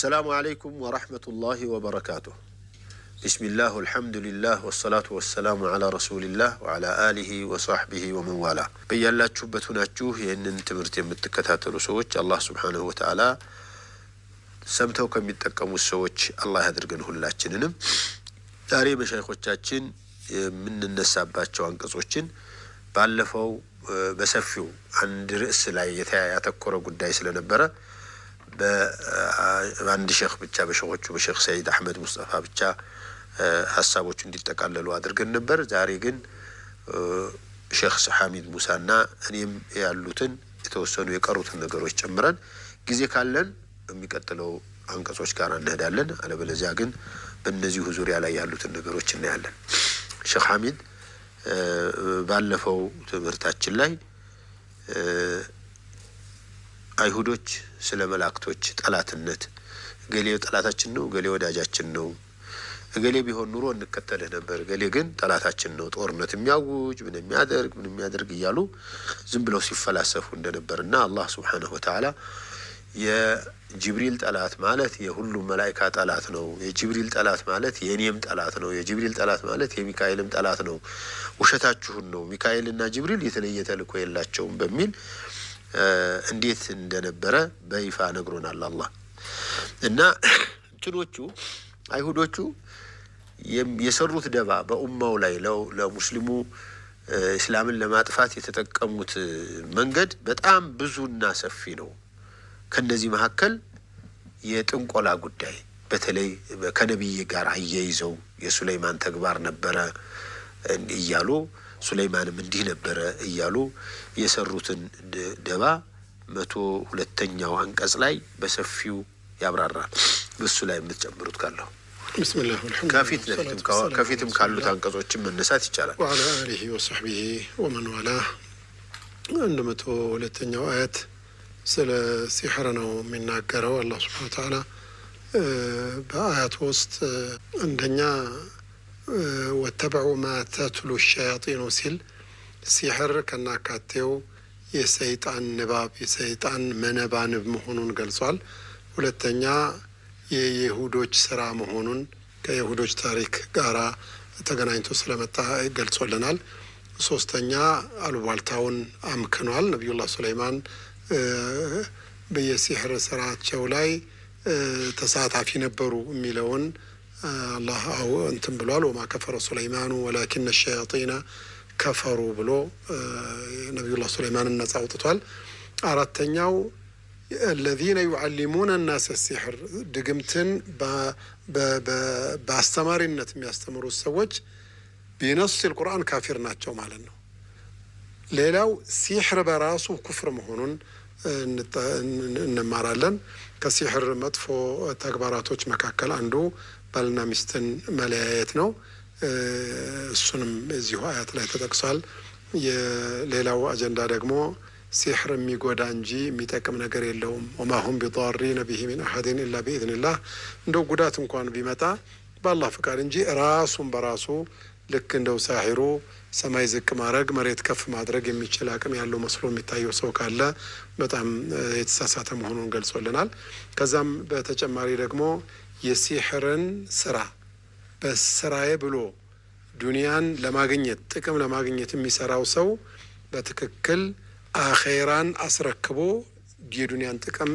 አሰላሙ አለይኩም ወረህመቱላሂ ወበረካቱ ቢስሚላህ አልሐምዱሊላህ ወሰላቱ ወሰላሙ አላ ረሱሊላህ ወአላ አሊሂ ወሳሕቢሂ ወመንዋላ። በያላችሁበት ሁናችሁ ይህንን ትምህርት የምትከታተሉ ሰዎች አላህ ሱብሓነሁ ወተዓላ ሰምተው ከሚጠቀሙት ሰዎች አላህ ያድርገን ሁላችንንም። ዛሬ መሻይኮቻችን የምንነሳባቸው አንቀጾችን ባለፈው በሰፊው አንድ ርዕስ ላይ ያተኮረ ጉዳይ ስለነበረ በአንድ ሼክ ብቻ በሼኮቹ በሼክ ሰይድ አህመድ ሙስጠፋ ብቻ ሀሳቦቹ እንዲጠቃለሉ አድርገን ነበር። ዛሬ ግን ሼክ ሐሚድ ሙሳና እኔም ያሉትን የተወሰኑ የቀሩትን ነገሮች ጨምረን ጊዜ ካለን የሚቀጥለው አንቀጾች ጋር እንሄዳለን። አለበለዚያ ግን በእነዚሁ ዙሪያ ላይ ያሉትን ነገሮች እናያለን። ሼክ ሐሚድ ባለፈው ትምህርታችን ላይ አይሁዶች ስለ መላእክቶች ጠላትነት እገሌ ጠላታችን ነው፣ እገሌ ወዳጃችን ነው፣ እገሌ ቢሆን ኑሮ እንከተልህ ነበር፣ እገሌ ግን ጠላታችን ነው፣ ጦርነት የሚያውጅ ምን የሚያደርግ ምን የሚያደርግ እያሉ ዝም ብለው ሲፈላሰፉ እንደነበር እና አላህ ሱብሓነሁ ወተዓላ የጅብሪል ጠላት ማለት የሁሉም መላይካ ጠላት ነው። የጅብሪል ጠላት ማለት የእኔም ጠላት ነው። የጅብሪል ጠላት ማለት የሚካኤልም ጠላት ነው። ውሸታችሁን ነው፣ ሚካኤልና ጅብሪል የተለየ ተልእኮ የላቸውም በሚል እንዴት እንደነበረ በይፋ ነግሮናል አላህ እና እንትኖቹ አይሁዶቹ የሰሩት ደባ በኡማው ላይ ለሙስሊሙ እስላምን ለማጥፋት የተጠቀሙት መንገድ በጣም ብዙና ሰፊ ነው። ከነዚህ መካከል የጥንቆላ ጉዳይ በተለይ ከነቢይ ጋር አያይዘው የሱለይማን ተግባር ነበረ እያሉ ሱለይማንም እንዲህ ነበረ እያሉ የሰሩትን ደባ መቶ ሁለተኛው አንቀጽ ላይ በሰፊው ያብራራል። በሱ ላይ የምትጨምሩት ካለሁ ከፊትም ካሉት አንቀጾችን መነሳት ይቻላል። አሊሂ ወሰሕቢሂ ወመን ዋላህ አንድ መቶ ሁለተኛው አያት ስለ ሲሕር ነው የሚናገረው አላህ ስብሓነ ወተዓላ በአያት ውስጥ አንደኛ ወተበዑ ማ ተትሉ ሸያጢኑ ሲል ሲሕር ከናካቴው የሰይጣን ንባብ የሰይጣን መነባንብ መሆኑን ገልጿል። ሁለተኛ የይሁዶች ስራ መሆኑን ከይሁዶች ታሪክ ጋራ ተገናኝቶ ስለመጣ ገልጾልናል። ሶስተኛ አሉባልታውን አምክኗል። ነቢዩላህ ሱለይማን በየሲሕር ስራቸው ላይ ተሳታፊ ነበሩ የሚለውን አላህ አዎ እንትን ብሏል። ወማ ከፈረ ሱለይማኑ ወላኪነ ሸያጢነ ከፈሩ ብሎ ነቢዩላህ ሱለይማንን ነጻ አውጥቷል። አራተኛው አለዚነ ዩዓሊሙነ ናስ ሲሕር ድግምትን በአስተማሪነት የሚያስተምሩት ሰዎች ቢነሱ ቁርአን ካፊር ናቸው ማለት ነው። ሌላው ሲሕር በራሱ ኩፍር መሆኑን እንማራለን። ከሲሕር መጥፎ ተግባራቶች መካከል አንዱ ባልና ሚስትን መለያየት ነው። እሱንም እዚሁ አያት ላይ ተጠቅሷል። የሌላው አጀንዳ ደግሞ ሲሕር የሚጎዳ እንጂ የሚጠቅም ነገር የለውም። ወማሁም ቢጣሪ ቢሂ ምን አሐድን ኢላ ቢኢዝኒላህ። እንደው ጉዳት እንኳን ቢመጣ በአላህ ፍቃድ እንጂ ራሱን በራሱ ልክ እንደው ሳሒሩ ሰማይ ዝቅ ማድረግ መሬት ከፍ ማድረግ የሚችል አቅም ያለው መስሎ የሚታየው ሰው ካለ በጣም የተሳሳተ መሆኑን ገልጾልናል። ከዛም በተጨማሪ ደግሞ የሲሕርን ስራ በስራዬ ብሎ ዱንያን ለማግኘት ጥቅም ለማግኘት የሚሰራው ሰው በትክክል አኼራን አስረክቦ የዱንያን ጥቅም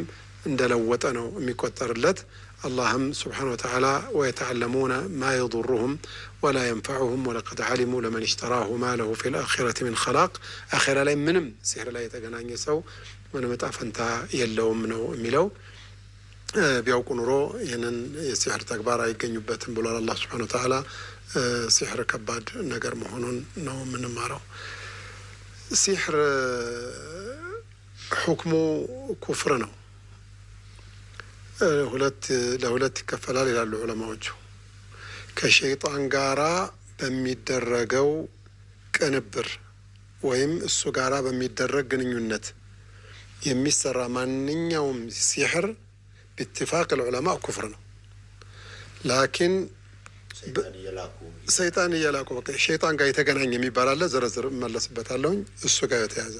እንደለወጠ ነው የሚቆጠርለት። አላህም ስብሓነ ወተዓላ ወየተዓለሙነ ማ የዱሩሁም ወላ የንፈዑሁም ወለቀድ ዓሊሙ ለመን ሽተራሁ ማ ፊ ልአኺረት ምን ኸላቅ። አኼራ ላይ ምንም ሲሕር ላይ የተገናኘ ሰው ምንም እጣ ፈንታ የለውም ነው የሚለው። ቢያውቁ ኑሮ ይህንን የሲሕር ተግባር አይገኙበትም ብሏል አላህ ስብሓነሁ ወተዓላ። ሲሕር ከባድ ነገር መሆኑን ነው የምንማረው። ሲሕር ሁክሙ ኩፍር ነው። ሁለት ለሁለት ይከፈላል ይላሉ ዑለማዎቹ። ከሸይጣን ጋራ በሚደረገው ቅንብር ወይም እሱ ጋራ በሚደረግ ግንኙነት የሚሰራ ማንኛውም ሲሕር باتفاق العلماء كفر ነው ሰይጣን እየላኩ በቃ ሸይጣን ጋር የተገናኘ የሚባል አለ። ዝርዝር እመለስበታለሁኝ እሱ ጋር የተያዘ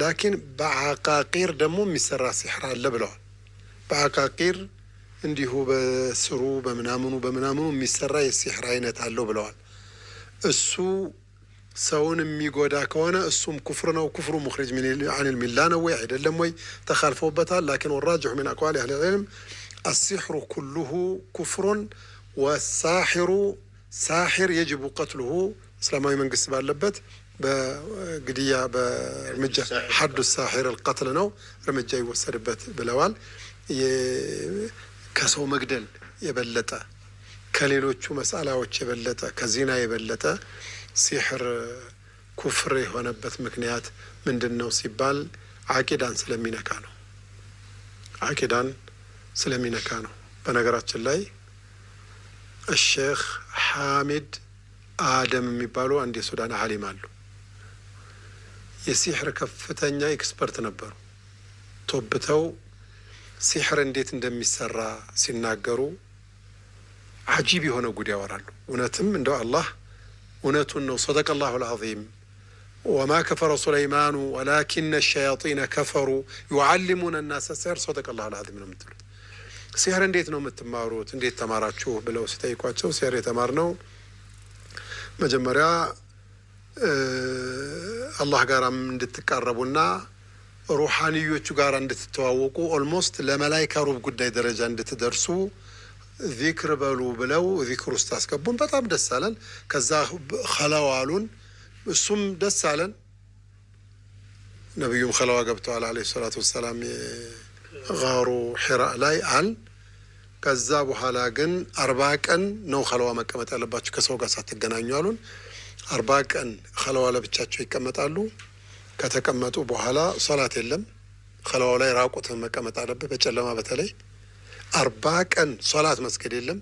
ላኪን በአቃቂር ደግሞ የሚሰራ ሲሕር አለ ብለዋል። በአቃቂር እንዲሁ በስሩ በምናምኑ በምናምኑ የሚሰራ የሲሕር አይነት አለው ብለዋል እሱ ሰውን የሚጎዳ ከሆነ እሱም ኩፍር ነው። ኩፍሩ ሙክሪጅ አኒል ሚላ ነው ወይ አይደለም ወይ? ተካልፈውበታል። ላኪን ወራጅሑ ሚን አቅዋል አህል ልዕልም አሲሕሩ ኩሉሁ ኩፍሩን ወሳሒሩ ሳሒር የጅቡ ቀትልሁ እስላማዊ መንግስት ባለበት በግድያ በእርምጃ ሐዱ ሳሒር አልቀትል ነው እርምጃ ይወሰድበት ብለዋል። ከሰው መግደል የበለጠ ከሌሎቹ መስአላዎች የበለጠ ከዚና የበለጠ ሲሕር ኩፍር የሆነበት ምክንያት ምንድን ነው ሲባል አቂዳን ስለሚነካ ነው። አቂዳን ስለሚነካ ነው። በነገራችን ላይ እሼህ ሐሚድ አደም የሚባሉ አንድ የሱዳን አሊም አሉ። የሲሕር ከፍተኛ ኤክስፐርት ነበሩ። ቶብተው ሲሕር እንዴት እንደሚሰራ ሲናገሩ አጂብ የሆነ ጉድ ያወራሉ። እውነትም እንደው አላህ እውነቱን ነው። ሰደቀ ላሁ ልዓዚም። ወማ ከፈረ ሱለይማኑ ወላኪነ ሸያጢነ ከፈሩ ዩዓሊሙነ ናሰ ሲሕር ሰደቀ ላሁ ልዓዚም ነው የምትሉት። ሲሕር እንዴት ነው የምትማሩት? እንዴት ተማራችሁ ብለው ሲጠይቋቸው ሲሕር ነው። መጀመሪያ አላህ ጋር እንድትቃረቡና ሩሓንዮቹ ጋር እንድትተዋወቁ ኦልሞስት ለመላይካ ሩብ ጉዳይ ደረጃ እንድትደርሱ ዚክር በሉ ብለው ዚክር ውስጥ አስገቡን። በጣም ደስ አለን። ከዛ ከለዋ አሉን፣ እሱም ደስ አለን። ነቢዩም ከለዋ ገብተዋል አለ ሰላቱ ወሰላም ጋሩ ሒራ ላይ አል ከዛ በኋላ ግን አርባ ቀን ነው ከለዋ መቀመጥ ያለባቸው ከሰው ጋር ሳትገናኙ አሉን። አርባ ቀን ከለዋ ለብቻቸው ይቀመጣሉ። ከተቀመጡ በኋላ ሶላት የለም። ከለዋው ላይ ራቁትን መቀመጥ አለበት በጨለማ በተለይ አርባ ቀን ሶላት መስገድ የለም።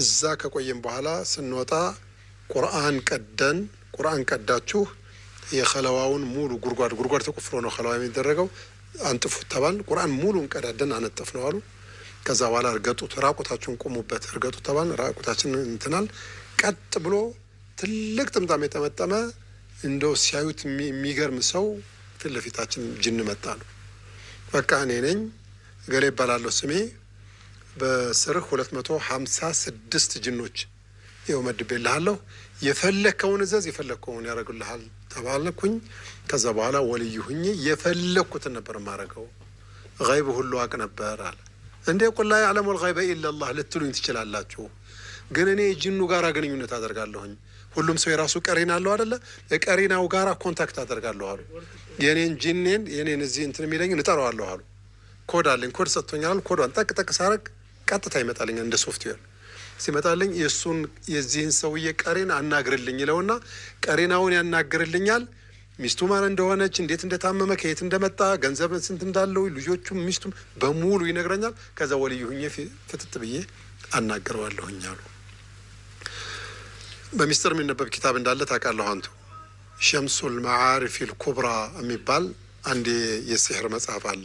እዛ ከቆየም በኋላ ስንወጣ ቁርአን ቀደን ቁርአን ቀዳችሁ የኸለዋውን ሙሉ ጉድጓድ ጉድጓድ ተቆፍሮ ነው ኸለዋ የሚደረገው አንጥፉት ተባል። ቁርአን ሙሉ እንቀዳደን አነጠፍ ነው አሉ። ከዛ በኋላ እርገጡት፣ ራቁታችሁን ቁሙበት እርገጡት ተባል። ራቁታችን እንትናል። ቀጥ ብሎ ትልቅ ጥምጣም የጠመጠመ እንደው ሲያዩት የሚገርም ሰው ፊት ለፊታችን ጅን መጣ ነው። በቃ እኔ ነኝ ገሌ ይባላለሁ ስሜ። በስርህ ሁለት መቶ ሀምሳ ስድስት ጅኖች ይኸው መድቤልሃለሁ፣ የፈለግከውን እዘዝ፣ የፈለግከውን ያደርግልሃል ተባለኩኝ ከዛ በኋላ ወልዩ ሁኜ የፈለግኩትን ነበር ማረገው። ይብ ሁሉ አቅ ነበር አለ። እንዴ ቁላ ያዕለሙ ይበ ኢለላህ ልትሉኝ ትችላላችሁ፣ ግን እኔ ጅኑ ጋር ግንኙነት አደርጋለሁኝ። ሁሉም ሰው የራሱ ቀሪና አለው አደለ? ቀሪናው ጋር ኮንታክት አደርጋለሁ አሉ። የኔን ጅኔን የኔን እዚህ እንትን የሚለኝ እጠራዋለሁ አሉ ኮድ አለኝ። ኮድ ሰጥቶኛል። ኮዷን ጠቅ ጠቅ ሳረግ ቀጥታ ይመጣልኝ እንደ ሶፍትዌር ሲመጣልኝ የእሱን የዚህን ሰውዬ ቀሬን አናግርልኝ ይለውና ቀሬናውን ያናግርልኛል። ሚስቱ ማን እንደሆነች፣ እንዴት እንደታመመ፣ ከየት እንደመጣ፣ ገንዘብ ስንት እንዳለው፣ ልጆቹ ሚስቱም በሙሉ ይነግረኛል። ከዛ ወልዩ ሁኜ ፍትት ብዬ አናግረዋለሁኝ አሉ። በሚስጥር የሚነበብ ኪታብ እንዳለ ታውቃለሁ አንቱ። ሸምሱል መዓሪፊል ኩብራ የሚባል አንድ የሲሕር መጽሐፍ አለ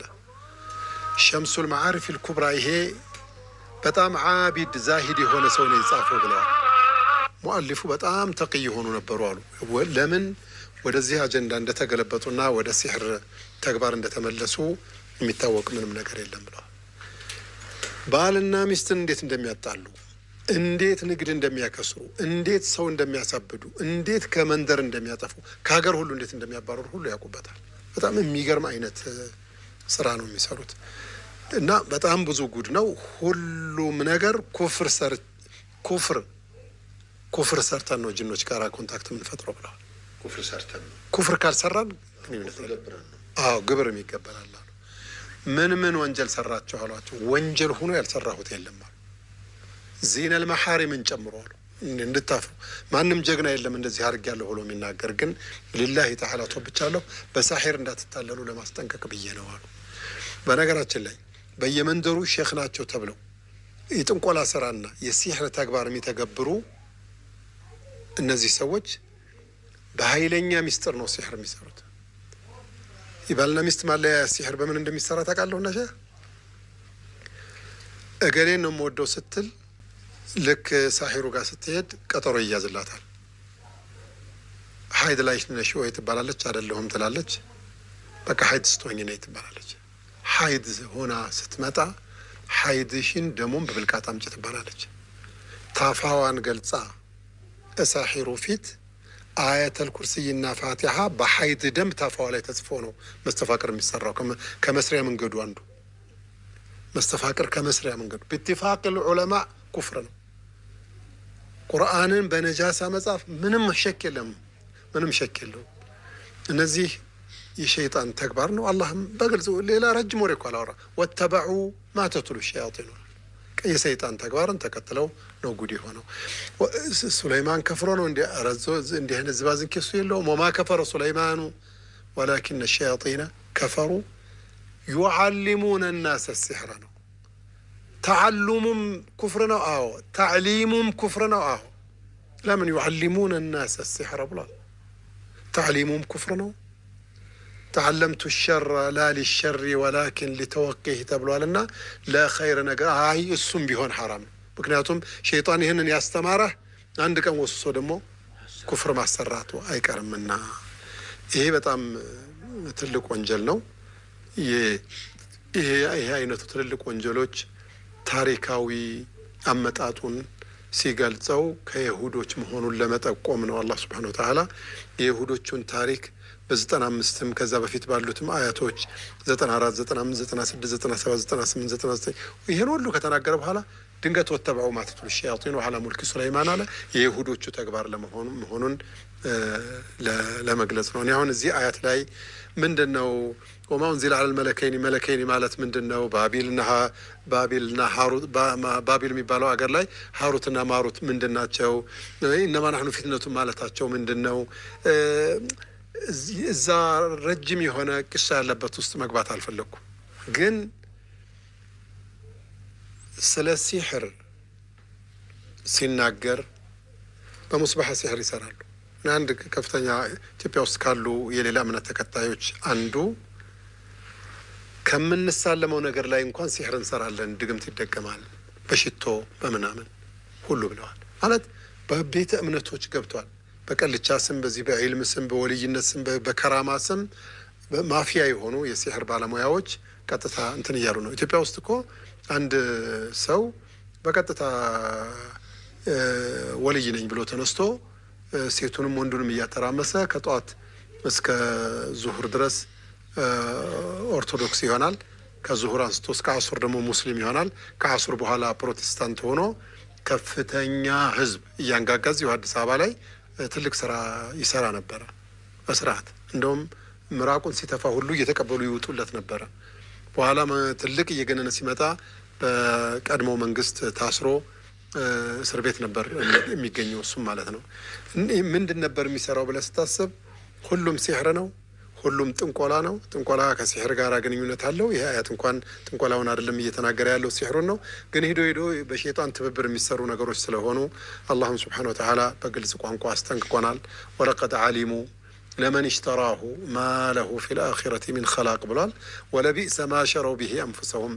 ሸምሱል መዓሪፊል ኩብራ ይሄ በጣም ዓቢድ ዛሂድ የሆነ ሰው ነው የጻፈው ብለዋል። ሙአሊፉ በጣም ተቅይ የሆኑ ነበሩ አሉ። ለምን ወደዚህ አጀንዳ እንደተገለበጡና ወደ ሲሕር ተግባር እንደተመለሱ የሚታወቅ ምንም ነገር የለም ብለዋል። ባልና ሚስትን እንዴት እንደሚያጣሉ፣ እንዴት ንግድ እንደሚያከስሩ፣ እንዴት ሰው እንደሚያሳብዱ፣ እንዴት ከመንደር እንደሚያጠፉ፣ ከሀገር ሁሉ እንዴት እንደሚያባረሩ ሁሉ ያውቁበታል። በጣም የሚገርም አይነት ስራ ነው የሚሰሩት እና በጣም ብዙ ጉድ ነው። ሁሉም ነገር ኩፍር ሰር ኩፍር ኩፍር ሰርተን ነው ጅኖች ጋር ኮንታክት የምንፈጥረው ብለዋል። ኩፍር ሰርተን ኩፍር ካልሰራን አዎ ግብር የሚገበላል አሉ። ምን ምን ወንጀል ሰራችሁ አሏቸው። ወንጀል ሆኖ ያልሰራሁት የለም አሉ። ዚነል መሐሪምን ጨምሮ አሉ እንድታፍሩ ማንም ጀግና የለም እንደዚህ ያለሁ ብሎ የሚናገር ግን ሊላሂ ተዓላ ቶብቻለሁ። በሳሒር እንዳትታለሉ ለማስጠንቀቅ ብዬ ነው አሉ። በነገራችን ላይ በየመንደሩ ሼክ ናቸው ተብለው የጥንቆላ ስራና የሲሕር ተግባር የሚተገብሩ እነዚህ ሰዎች በኃይለኛ ሚስጥር ነው ሲሕር የሚሰሩት። የባልና ሚስት ማለያ ሲሕር በምን እንደሚሰራ ታውቃለሁ። ነሸ እገሌ ነው የምወደው ስትል ልክ ሳሒሩ ጋር ስትሄድ ቀጠሮ ይያዝላታል። ሀይድ ላይ ነሽ ወይ ትባላለች። አይደለሁም ትላለች። በቃ ሀይድ ስትሆኝ ነይ ትባላለች። ሀይድ ሆና ስትመጣ ሀይድሽን ደሞም በብልቃት አምጪ ትባላለች። ታፋዋን ገልጻ እሳሒሩ ፊት አያተል ኩርስይና ፋቲሓ በሀይድ ደም ታፋዋ ላይ ተጽፎ ነው መስተፋቅር የሚሰራው። ከመስሪያ መንገዱ አንዱ መስተፋቅር ከመስሪያ መንገዱ ብትፋቅ ልዑለማ ኩፍር ነው። ቁርአንን በነጃሳ መጻፍ ምንም ሸክ የለም፣ ምንም ሸክ የለውም። እነዚህ يشيطان تكبر نو الله بغلز ليلا رجم ولا على واتبعوا ما تتلو الشياطين كي شيطان تكبر انت قتلو نو غدي هو سليمان كفرون ان رزو ان دي هنزبازن كيسو يلو وما كفر سليمان ولكن الشياطين كفروا يعلمون الناس السحر تعلم كفرنا اهو تعليم كفرنا اهو لمن يعلمون الناس السحر بلا تعليمهم كفرنا ተዓለምቱ ሸረ ላ ሊሸሪ ወላኪን ሊተወቂህ ተብሏል። እና ለኸይር ነገር አይ እሱም ቢሆን ሐራም። ምክንያቱም ሸይጣን ይህንን ያስተማረህ አንድ ቀን ወስሶ ደግሞ ኩፍር ማሰራቱ አይቀርምና ይሄ በጣም ትልቅ ወንጀል ነው። ይሄ አይነቱ ትልልቅ ወንጀሎች ታሪካዊ አመጣጡን ሲገልጸው ከይሁዶች መሆኑን ለመጠቆም ነው። አላህ ስብሓነሁ ወተዓላ የይሁዶቹን ታሪክ በዘጠና አምስትም ከዛ በፊት ባሉትም አያቶች ዘጠና አራት ዘጠና አምስት ዘጠና ስድስት ዘጠና ሰባት ዘጠና ስምንት ዘጠና ዘጠኝ ይህን ሁሉ ከተናገረ በኋላ ድንገት ወተባው ማተቱል ሸያጢን ኋላ ሙልክ ሱለይማን አለ የይሁዶቹ ተግባር ለመሆኑ መሆኑን ለመግለጽ ነው። አሁን እዚህ አያት ላይ ምንድን ነው ቆማውን ኡንዚለ ዐለል መለከይኒ መለከይኒ ማለት ምንድን ነው? ባቢልና ሀሩት ባቢል የሚባለው አገር ላይ ሀሩትና ማሩት ምንድን ናቸው? እነማ ናሕኑ ፊትነቱን ማለታቸው ምንድን ነው? እዛ ረጅም የሆነ ቅሻ ያለበት ውስጥ መግባት አልፈለግኩም። ግን ስለ ሲሕር ሲናገር በሙስባሐ ሲሕር ይሰራሉ አንድ ከፍተኛ ኢትዮጵያ ውስጥ ካሉ የሌላ እምነት ተከታዮች አንዱ ከምንሳለመው ነገር ላይ እንኳን ሲሕር እንሰራለን፣ ድግምት ይደገማል፣ በሽቶ በምናምን ሁሉ ብለዋል። ማለት በቤተ እምነቶች ገብቷል። በቀልቻ ስም በዚህ በዒልም ስም በወልይነት ስም በከራማ ስም ማፊያ የሆኑ የሲሕር ባለሙያዎች ቀጥታ እንትን እያሉ ነው። ኢትዮጵያ ውስጥ እኮ አንድ ሰው በቀጥታ ወልይ ነኝ ብሎ ተነስቶ ሴቱንም ወንዱንም እያተራመሰ ከጠዋት እስከ ዙሁር ድረስ ኦርቶዶክስ ይሆናል። ከዙሁር አንስቶ እስከ አሱር ደግሞ ሙስሊም ይሆናል። ከአሱር በኋላ ፕሮቴስታንት ሆኖ ከፍተኛ ህዝብ እያንጋጋዝ አዲስ አበባ ላይ ትልቅ ስራ ይሰራ ነበረ በስርዓት እንደውም ምራቁን ሲተፋ ሁሉ እየተቀበሉ ይውጡለት ነበረ። በኋላ ትልቅ እየገነነ ሲመጣ በቀድሞ መንግስት ታስሮ እስር ቤት ነበር የሚገኘው እሱም ማለት ነው። ምንድን ነበር የሚሰራው ብለህ ስታስብ ሁሉም ሲሕር ነው። ሁሉም ጥንቆላ ነው። ጥንቆላ ከሲሕር ጋር ግንኙነት አለው። ይህ አያት እንኳን ጥንቆላውን አይደለም እየተናገረ ያለው ሲሕሩን ነው። ግን ሂዶ ሂዶ በሸይጣን ትብብር የሚሰሩ ነገሮች ስለሆኑ አላህም ስብሓነ ወተዓላ በግልጽ ቋንቋ አስጠንቅቆናል። ወለቀድ ዓሊሙ ለመን ሽተራሁ ማለሁ ፊ ልአኪረት ሚን ከላቅ ብሏል። ወለቢእሰ ማ ሸረው ብሂ አንፍሰሁም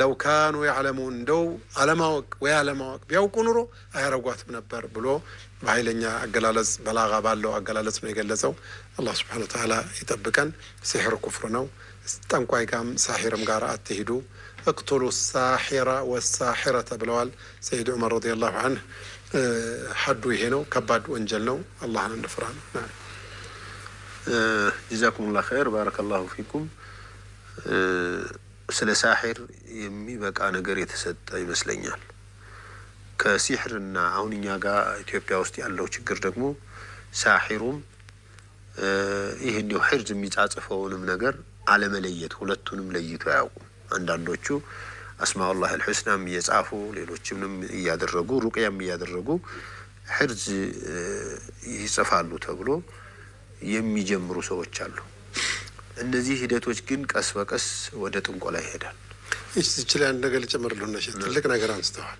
ለው ካኑ ያዕለሙን እንደው አለማወቅ ወይ አለማወቅ ቢያውቁ ኑሮ አያረጓትም ነበር ብሎ በኃይለኛ አገላለጽ በላጋ ባለው አገላለጽ ነው የገለጸው። አላህ ስብሓነ ወተዓላ ይጠብቀን። ሲሕር ኩፍር ነው። ጠንቋይ ጋም ሳሒርም ጋር አትሂዱ። እቅቱሉ ሳሒራ ወሳሒረተ ተብለዋል ሰይድ ዑመር ረዲየላሁ አንህ። ሀዱ ይሄ ነው። ከባድ ወንጀል ነው። አላህን እንፍራ ጀዛኩሙላህ ኸይር ባረከላሁ ፊኩም። ስለ ሳሒር የሚበቃ ነገር የተሰጠ ይመስለኛል። ከሲሕርና አሁን እኛ ጋር ኢትዮጵያ ውስጥ ያለው ችግር ደግሞ ሳሒሩም ይህን ሕርዝ የሚጻጽፈውንም ነገር አለመለየት ሁለቱንም ለይቶ አያውቁም። አንዳንዶቹ አስማኡላህ አልሑስናም እየጻፉ ሌሎችንም እያደረጉ ሩቅያም እያደረጉ ሕርዝ ይጽፋሉ ተብሎ የሚጀምሩ ሰዎች አሉ። እነዚህ ሂደቶች ግን ቀስ በቀስ ወደ ጥንቆላ ይሄዳል። ይችላል ነገር ልጨምርልህ ትልቅ ነገር አንስተዋል።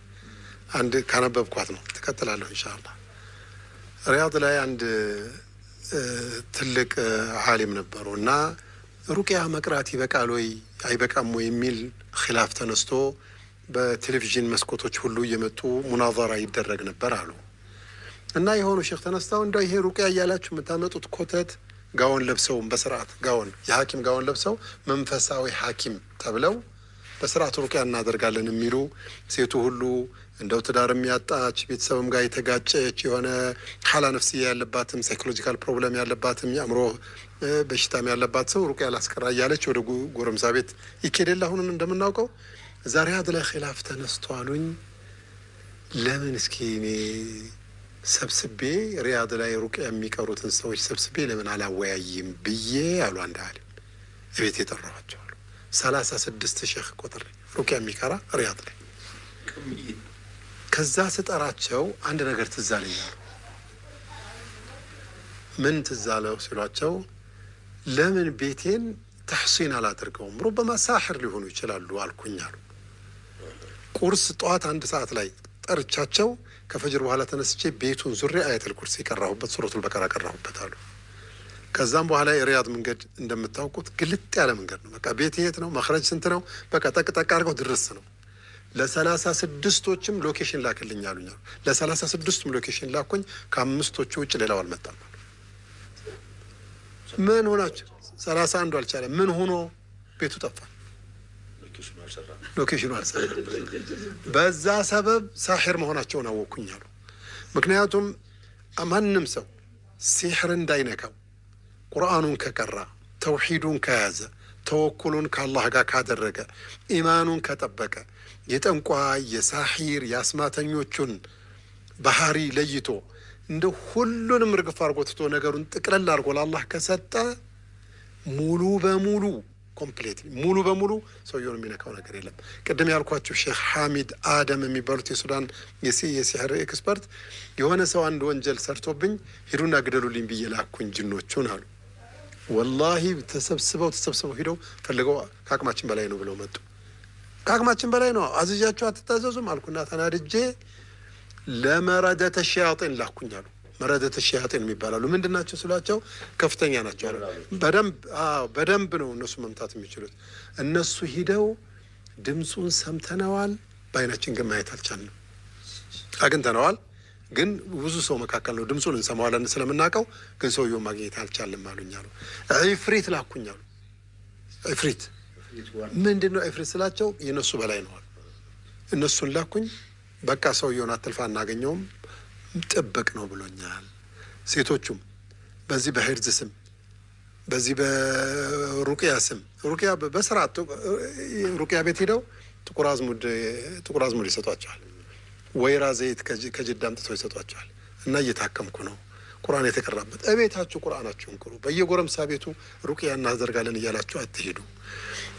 አንድ ካነበብኳት ነው። ትቀጥላለሁ እንሻላ። ሪያድ ላይ አንድ ትልቅ ዓሊም ነበሩ እና ሩቅያ መቅራት ይበቃል ወይ አይበቃም ወይ የሚል ኪላፍ ተነስቶ በቴሌቪዥን መስኮቶች ሁሉ እየመጡ ሙናዘራ ይደረግ ነበር አሉ እና የሆኑ ሼክ ተነስተው እንደ ይሄ ሩቅያ እያላችሁ የምታመጡት ኮተት ጋውን ለብሰው በስርዓት ጋውን የሐኪም ጋውን ለብሰው መንፈሳዊ ሐኪም ተብለው በስርዓት ሩቅያ እናደርጋለን የሚሉ ሴቱ ሁሉ እንደው ትዳርም ያጣች ቤተሰብም ጋር የተጋጨች የሆነ ሀላ ነፍስ ያለባትም ሳይኮሎጂካል ፕሮብለም ያለባትም የአእምሮ በሽታም ያለባት ሰው ሩቅ ያላስቀራ እያለች ወደ ጎረምሳ ቤት ይኬደል። አሁንም እንደምናውቀው ዛሬ ሪያድ ላይ ተነስቷሉኝ። ለምን እስኪ እኔ ሰብስቤ ሪያድ ላይ ሩቅ የሚቀሩትን ሰዎች ሰብስቤ ለምን አላወያይም ብዬ አሉ። አንድ አሊም እቤት የጠራኋቸው አሉ። ሰላሳ ስድስት ሼህ ቁጥር ሩቅ የሚቀራ ሪያድ ላይ ከዛ ስጠራቸው አንድ ነገር ትዝ አለኛል። ምን ትዝ አለው ሲሏቸው ለምን ቤቴን ተሕሲን አላደርገውም? ሩበማ ሳሕር ሊሆኑ ይችላሉ አልኩኝ አሉ። ቁርስ ጠዋት አንድ ሰዓት ላይ ጠርቻቸው ከፈጅር በኋላ ተነስቼ ቤቱን ዙሬ አያተል ኩርሲ የቀራሁበት ሱረቱል በቀራ ቀራሁበት አሉ። ከዛም በኋላ የሪያድ መንገድ እንደምታውቁት ግልጥ ያለ መንገድ ነው። በቃ ቤት የት ነው መክረጅ ስንት ነው? በቃ ጠቅጠቅ አድርገው ድርስ ነው። ለሰላሳ ስድስቶችም ሎኬሽን ላክልኝ አሉኝ። ለሰላሳ ስድስቱም ሎኬሽን ላኩኝ። ከአምስቶቹ ውጭ ሌላው አልመጣም። ምን ሆናቸው? ሰላሳ አንዱ አልቻለም። ምን ሆኖ ቤቱ ጠፋ። ሎኬሽኑ አልሰራ። በዛ ሰበብ ሳሒር መሆናቸውን አወቅኩኝ አሉ። ምክንያቱም ማንም ሰው ሲሕር እንዳይነካው ቁርአኑን ከቀራ፣ ተውሒዱን ከያዘ፣ ተወኩሉን ከአላህ ጋር ካደረገ፣ ኢማኑን ከጠበቀ የጠንቋይ፣ የሳሒር፣ የአስማተኞቹን ባህሪ ለይቶ እንደ ሁሉንም ርግፍ አድርጎ ትቶ ነገሩን ጥቅልል አርጎ ለአላህ ከሰጠ ሙሉ በሙሉ ኮምፕሌት ሙሉ በሙሉ ሰውየውን የሚነካው ነገር የለም። ቅድም ያልኳቸው ሼህ ሐሚድ አደም የሚባሉት የሱዳን የሲሕር ኤክስፐርት የሆነ ሰው አንድ ወንጀል ሰርቶብኝ ሂዱና ግደሉልኝ ብዬ ላኩኝ ጅኖቹን አሉ። ወላሂ ተሰብስበው ተሰብስበው ሂደው ፈልገው ከአቅማችን በላይ ነው ብለው መጡ። ከአቅማችን በላይ ነው። አዝዣችሁ አትታዘዙም አልኩና ተናድጄ ለመረደተ ሸያጤን ላኩኝ አሉ። መረደተ ሸያጤን የሚባላሉ ምንድን ናቸው ስላቸው፣ ከፍተኛ ናቸው አሉ። በደንብ ነው እነሱ መምታት የሚችሉት። እነሱ ሂደው ድምፁን ሰምተነዋል፣ በአይናችን ግን ማየት አልቻልንም። አግኝተነዋል፣ ግን ብዙ ሰው መካከል ነው። ድምፁን እንሰማዋለን ስለምናውቀው፣ ግን ሰውየው ማግኘት አልቻልም አሉኝ አሉ። ኢፍሪት ላኩኝ አሉ። ኢፍሪት ምንድን ነው ኤፍሬት ስላቸው የነሱ በላይ ነዋል። እነሱን ላኩኝ። በቃ ሰውየውን አትልፋ እናገኘውም ጥብቅ ነው ብሎኛል። ሴቶቹም በዚህ በሄርዝ ስም በዚህ በሩቅያ ስም ሩቅያ በስራ ሩቅያ ቤት ሄደው ጥቁር አዝሙድ ይሰጧቸዋል። ወይራ ዘይት ከጅዳ አምጥተው ይሰጧቸዋል። እና እየታከምኩ ነው። ቁርአን የተቀራበት እቤታችሁ ቁርአናችሁን ቅሩ። በየጎረምሳ ቤቱ ሩቅያ እናደርጋለን እያላችሁ አትሄዱ።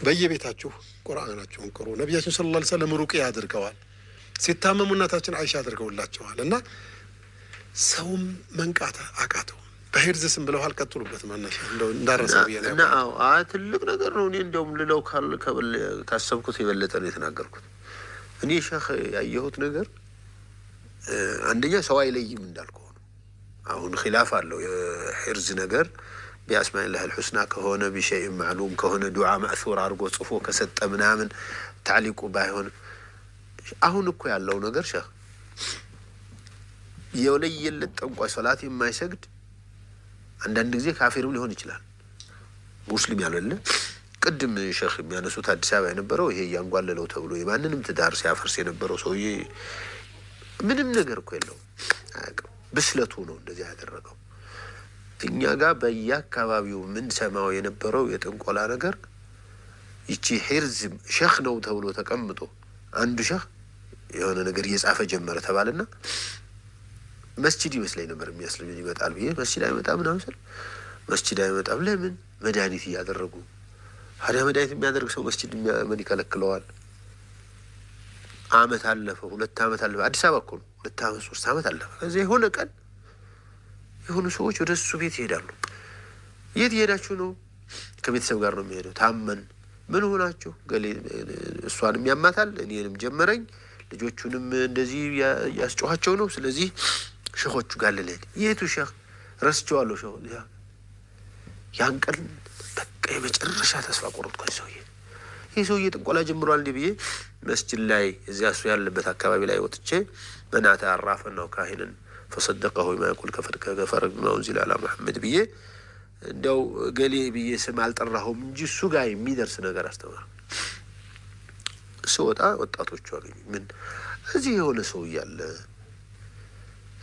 በየቤታችሁ ቁርአናችሁን ቅሩ። ነቢያችን ስለ ላ ወሰለም ሩቅያ አድርገዋል። ሲታመሙ እናታችን አይሻ አድርገውላቸዋል። እና ሰውም መንቃት አቃተው። በሄርዝ ስም ብለው አልቀጥሉበት ማነሻ እንዳረሰ ትልቅ ነገር ነው። እኔ እንደውም ልለው ካሰብኩት የበለጠ ነው የተናገርኩት። እኔ ሸህ ያየሁት ነገር አንደኛ ሰው አይለይም እንዳልከሆነ አሁን ኪላፍ አለው የሄርዝ ነገር ቢአስማኢ ላሂ ልሑስና ከሆነ ቢሸይ ማዕሉም ከሆነ ዱዓ ማእሱር አድርጎ ጽፎ ከሰጠ ምናምን ታዕሊቁ ባይሆንም አሁን እኮ ያለው ነገር ሸህ የለየለት ጠንቋይ ሶላት የማይሰግድ አንዳንድ ጊዜ ካፊርም ሊሆን ይችላል ሙስሊም ያልሆነ ቅድም ሸህ የሚያነሱት አዲስ አበባ የነበረው ይሄ እያንጓለለው ተብሎ የማንንም ትዳር ሲያፈርስ የነበረው ሰውዬ ምንም ነገር እኮ የለውም። ብስለቱ ነው እንደዚያ ያደረገው። እኛ ጋር በየአካባቢው የምንሰማው የነበረው የጥንቆላ ነገር ይቺ ሒርዝም ሸህ ነው ተብሎ ተቀምጦ አንዱ ሸህ የሆነ ነገር እየጻፈ ጀመረ ተባለና መስጂድ ይመስለኝ ነበር የሚያስለኝ ይመጣል ብዬ መስጂድ አይመጣ ምናምን ስል መስጂድ አይመጣም። ለምን መድኃኒት እያደረጉ ታዲያ መድኃኒት የሚያደርግ ሰው መስጂድ ምን ይከለክለዋል? አመት አለፈ፣ ሁለት አመት አለፈ። አዲስ አበባ እኮ ነው። ሁለት አመት ሶስት አመት አለፈ። ከዚያ የሆነ ቀን የሆኑ ሰዎች ወደ እሱ ቤት ይሄዳሉ። የት ይሄዳችሁ ነው? ከቤተሰብ ጋር ነው የሚሄደው። ታመን ምን ሆናችሁ? እሷንም ያማታል እኔንም ጀመረኝ፣ ልጆቹንም እንደዚህ ያስጮኋቸው ነው። ስለዚህ ሸኾቹ ጋልለን። የቱ ሸኽ? ረስቸዋለሁ። ሸ ያን ቀን በቃ የመጨረሻ ተስፋ ቆረጥኳ። ሰውዬ ይህ ሰውዬ ጥንቆላ ጀምሯል እንዲህ ብዬ መስጅድ ላይ እዚያ እሱ ያለበት አካባቢ ላይ ወጥቼ መናተ አራፈናው ካሂንን ፈሰደቀ ማ የቁል ከፈድ ከገፈረ ቢማ ኡንዚለ አላ ሙሐመድ ብዬ እንደው ገሌ ብዬ ስም አልጠራሁም እንጂ እሱ ጋር የሚደርስ ነገር አስተማር። ስወጣ ወጣቶቹ አገኙ። ምን እዚህ የሆነ ሰው እያለ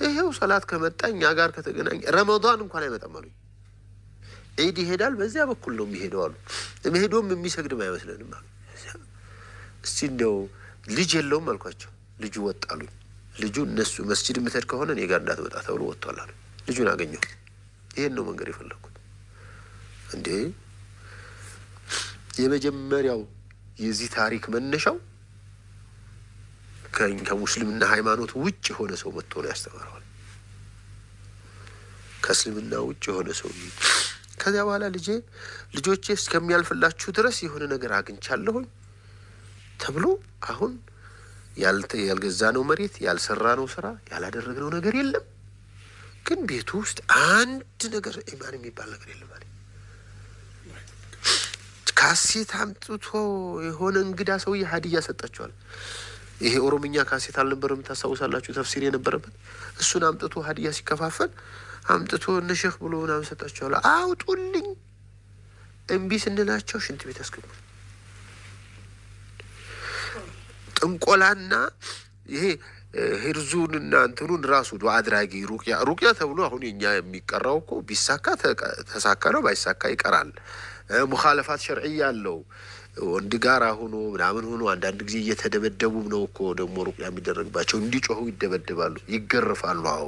ይሄው ሰላት ከመጣ እኛ ጋር ከተገናኘ ረመዷን እንኳን አይመጣም አሉኝ። ዒድ ይሄዳል፣ በዚያ በኩል ነው የሚሄደው አሉ። መሄዶም የሚሰግድም አይመስለንም አሉ። እስቲ እንደው ልጅ የለውም አልኳቸው። ልጁ ወጣ አሉኝ። ልጁ እነሱ መስጂድ የምትሄድ ከሆነ እኔ ጋር እንዳትወጣ ተብሎ ወጥቷል። ልጁን አገኘው። ይሄን ነው መንገድ የፈለግኩት። እንዴ የመጀመሪያው የዚህ ታሪክ መነሻው ከሙስልምና ሃይማኖት ውጭ የሆነ ሰው መጥቶ ነው ያስተማረዋል። ከእስልምና ውጭ የሆነ ሰው ከዚያ በኋላ ልጄ ልጆቼ እስከሚያልፍላችሁ ድረስ የሆነ ነገር አግኝቻለሁኝ ተብሎ አሁን ያልገዛ ነው መሬት፣ ያልሰራ ነው ስራ፣ ያላደረግነው ነገር የለም። ግን ቤቱ ውስጥ አንድ ነገር ኢማን የሚባል ነገር የለም። አለ። ካሴት አምጥቶ የሆነ እንግዳ ሰውዬ ሀዲያ ሰጣቸዋል። ይሄ ኦሮምኛ ካሴት አልነበረም? ታስታውሳላችሁ? ተፍሲር የነበረበት እሱን አምጥቶ ሀዲያ ሲከፋፈል አምጥቶ እነሸህ ብሎ ምናምን ሰጣቸዋል። አውጡልኝ፣ እምቢ ስንላቸው ሽንት ቤት አስገቡት። ጥንቆላና ይሄ ሂርዙንና እንትኑን ራሱ አድራጊ ሩቅያ ሩቅያ ተብሎ አሁን የኛ የሚቀራው እኮ ቢሳካ ተሳካ ነው፣ ባይሳካ ይቀራል። ሙካለፋት ሸርዕያ አለው። ወንድ ጋር ሆኖ ምናምን ሆኖ አንዳንድ ጊዜ እየተደበደቡም ነው እኮ ደግሞ ሩቅያ የሚደረግባቸው እንዲጮሁ ይደበደባሉ፣ ይገርፋሉ። አዎ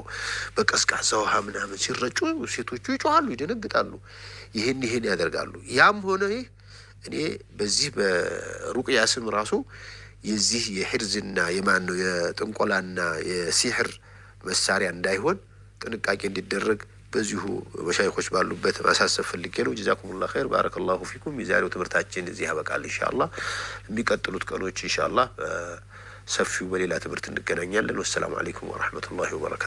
በቀዝቃዛ ውሃ ምናምን ሲረጩ ሴቶቹ ይጮኋሉ፣ ይደነግጣሉ። ይህን ይህን ያደርጋሉ። ያም ሆነ ይህ እኔ በዚህ በሩቅያ ስም ራሱ የዚህ የሕርዝና የማን ነው የጥንቆላና የሲሕር መሳሪያ እንዳይሆን ጥንቃቄ እንዲደረግ በዚሁ መሻይኮች ባሉበት ማሳሰብ ፈልጌ ነው። ጀዛኩሙላ ኸይር ባረከላሁ ፊኩም። የዛሬው ትምህርታችን እዚህ ያበቃል። እንሻላ የሚቀጥሉት ቀኖች እንሻላ ሰፊው በሌላ ትምህርት እንገናኛለን። ወሰላሙ አሌይኩም ወረህመቱላሂ ወበረካቱ።